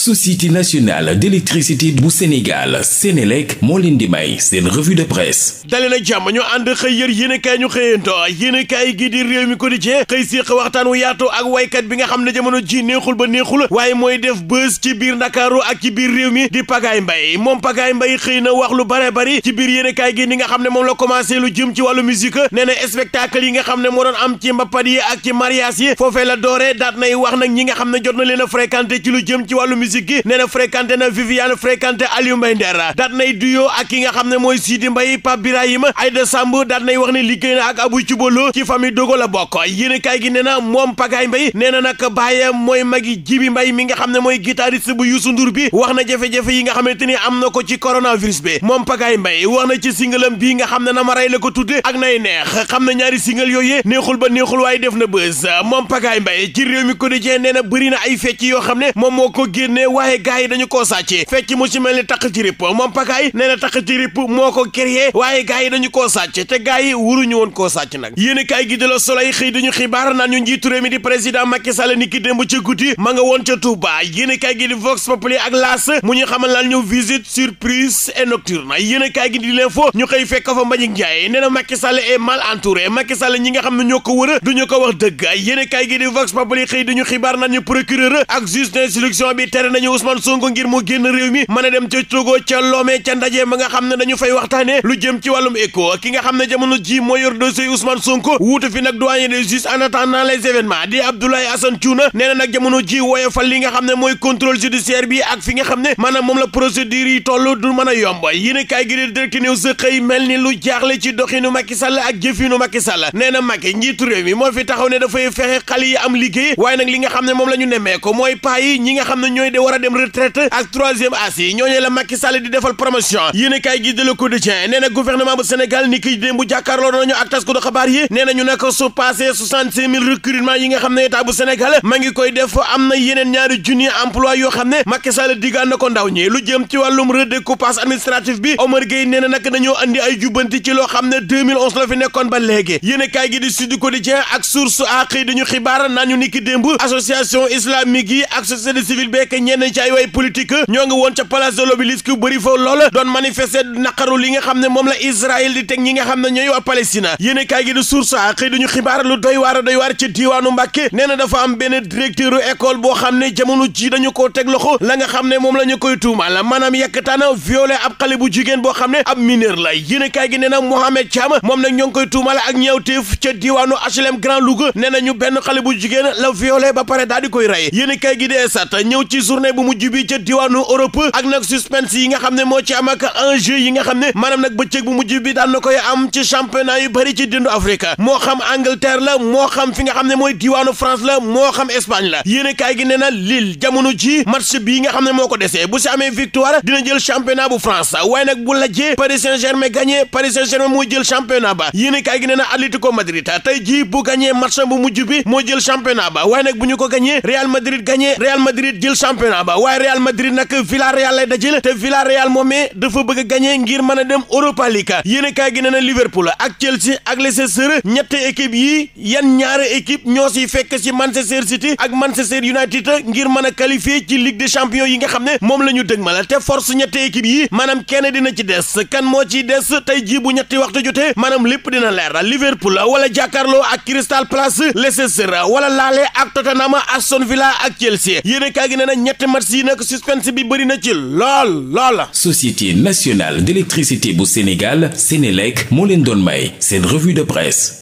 société nationale d'électricité bu Sénégal Sénélec moo leen di may seen revue de presse dali na jàmm ñu ànd xëy yër yéenekaay ñu xëyanto yéenekaay gi di réew mi quotidien xëy séq waxtaan wu yaatu ak waykat bi nga xam ne jamono ji neexul ba neexul waaye mooy def bës ci biir Ndakaaru ak ci biir réew mi di Pagaay Mbaye moom Pagaay mbay xëy na wax lu bare bari ci biir yéenekaay gi ni nga xam ne moom la commencé lu jëm ci wàllu musique nee na spectacle yi moo doon am ci mbapat yi nga xam ne jot na leen a fréquenté jëm ci wàllu musique musique gi nee na fréquenté na Viviane fréquenté Aliou Mbaye Nder nay duyo ak ki nga xam ne mooy Sidi Mbaye Pape Birahima Aïda Samb daat nay wax ne liggéey na ak Abou Cubalo ci famille Dogo la bokk yéen kaay gi nee moom Pagaye Mbaye nee na nag mooy magi Jibi Mbaye mi nga xam ne mooy guitariste bu Youssou Ndour bi wax na jafe-jafe yi nga xamante ni am na ko ci coronavirus bi moom Pagaye Mbaye wax na ci singalam bii nga xam ne na ma la ko tudde ak nay na ñaari singal yooyu neexul ba neexul waaye na bës moom Pagaye Mbaye ci réew mi quotidien ay fecc yoo xam ne lée waaye gars yi dañu ko sàcce fekk mu ci mel ni takk ci ripp moom pakaay nee takk ci ripp moo ko créé waaye gars yi dañu koo sàcce te gars yi wuruñu woon ko sàcc nag yéen kaay gi de la Soleil xëy dañu xibaar naan ñu njiitu réew mi di président Macky Sall démb ci guddi ma nga woon ca Touba yéen kaay gi di Vox Populi ak L'As mu ñu xamal laan ñu visite surprise et nocturne yéen kaay gi di l'info ñu xëy fekk fa Mbagnick Ndiaye nee na Macky Sall est mal ñi nga xam ne ñoo ko wër du ko wax dëgg yéen kaay gi di Vox Populi xëy dañu xibaar naan bi tere jàppale nañu Ousmane Sonko a dem ca Togo ca Lomé ma ki nga xam ne jamono ji moo yor dossier Ousmane Sonko wuutu fi nag doyen des juges en attendant les événements di Abdoulaye Assane Thiouna nee na nag jamono ji woyofal li nga xam ne mooy contrôle judiciaire bi ak fi nga xam ne maanaam moom la procédure yi toll du mën a yomb yéen kaay gi di direct news xëy mel ni lu jaaxle ci doxinu Macky ak jëfinu Macky nee na Macky njiitu réew mi moo fi taxaw ne dafay fexe xale yi am liggéey waaye nag li nga xam ne moom la ñu mooy paa ñi nga xam ne ñooy war a dem retraite ak troisième as yi ñooñu la Macky Sall di defal promotion yéen a kaay gi de Le Quotidien nee na gouvernement bu Sénégal ni ki démb nañu ak tas ko do xabaar yi nee ñu nag su passé soixante-cinq mille recrutement yi nga xam ne état bu Sénégal ma ngi koy def am na yeneen ñaari junni emploi yoo xam ne Macky Sall diggaan na ko ndaw ñi lu jëm ci wàllum redécoupage administratif bi Omar Gueye nee na nag andi ay jubbanti ci loo xam ne 2011 ñenn ci ay way politique ñoo ngi woon ca place de l'Obélisque bëri fa lool doon manifester naqaru li nga xam ne moom la Israël di teg ñi nga xam ne ñooy waa Palestine yéen kaay gi di source a xëy duñu xibaar lu doy waar a doy waar ci diiwaanu Mbàkke nee na dafa am benn directeur école boo xam ne jamono ji dañu ko teg loxo la nga xam ne moom la ñu koy tuumaa la tuumal maanaam yàkkataana violé ab xale bu jigéen boo xam ne ab mineur la yéen kaay gi ne na Mohamed Thiam moom nag ñoo ngi koy tuumal ak ñeewteef ca diiwaanu HLM Grand Louga nee na ñu benn xale bu jigéen la violé ba pare daal di koy rey yéen tournée bu mujj bi ca diwaanu Europe ak nag suspense yi nga xam ne moo ci am ak enjeu yi nga xam ne maanaam nag bëccëg bu mujj bi daan na koy am ci championnat yu bëri ci dindu Afrique moo xam Angleterre la moo xam fi nga xam ne mooy diwaanu France la moo xam Espagne la yéen a kaay gi nee na Lille jamono ji match bii nga xam ne moo ko desee bu si amee victoire dina jël championnat bu France waaye nag bu lajjee Paris Saint-Germain gagné Paris saint mooy jël championnat ba yéen nee na Atlético Madrid tey jii bu gagné match bu mujj bi moo jël championnat ba waaye nag bu ñu ko gagné Real Madrid gagné Real Madrid jël championnat championnat ba waaye Real Madrid nag Villarreal lay dajale te Villarreal moomee dafa bëgg a ngir mën a dem Europa League yéen kaay gi nee na Liverpool ak Chelsea ak Leicester ñetti équipe yi yan ñaari équipe ñoo si fekk si Manchester City ak Manchester United ngir mën a qualifié ci Ligue des champions yi nga xam ne moom la ñu dëgmal te force ñetti équipe yi maanaam kenn dina ci des kan moo ci des tey jii bu ñetti waxtu jotee maanaam lépp dina leer Liverpool wala jàkkaarloo ak Crystal Palace Leicester wala laale ak ñetti match yi nag suspense bi bëri na ci lool loola société nationale d'électricité bu Sénégal Sénélec moo leen doon may seen revue de presse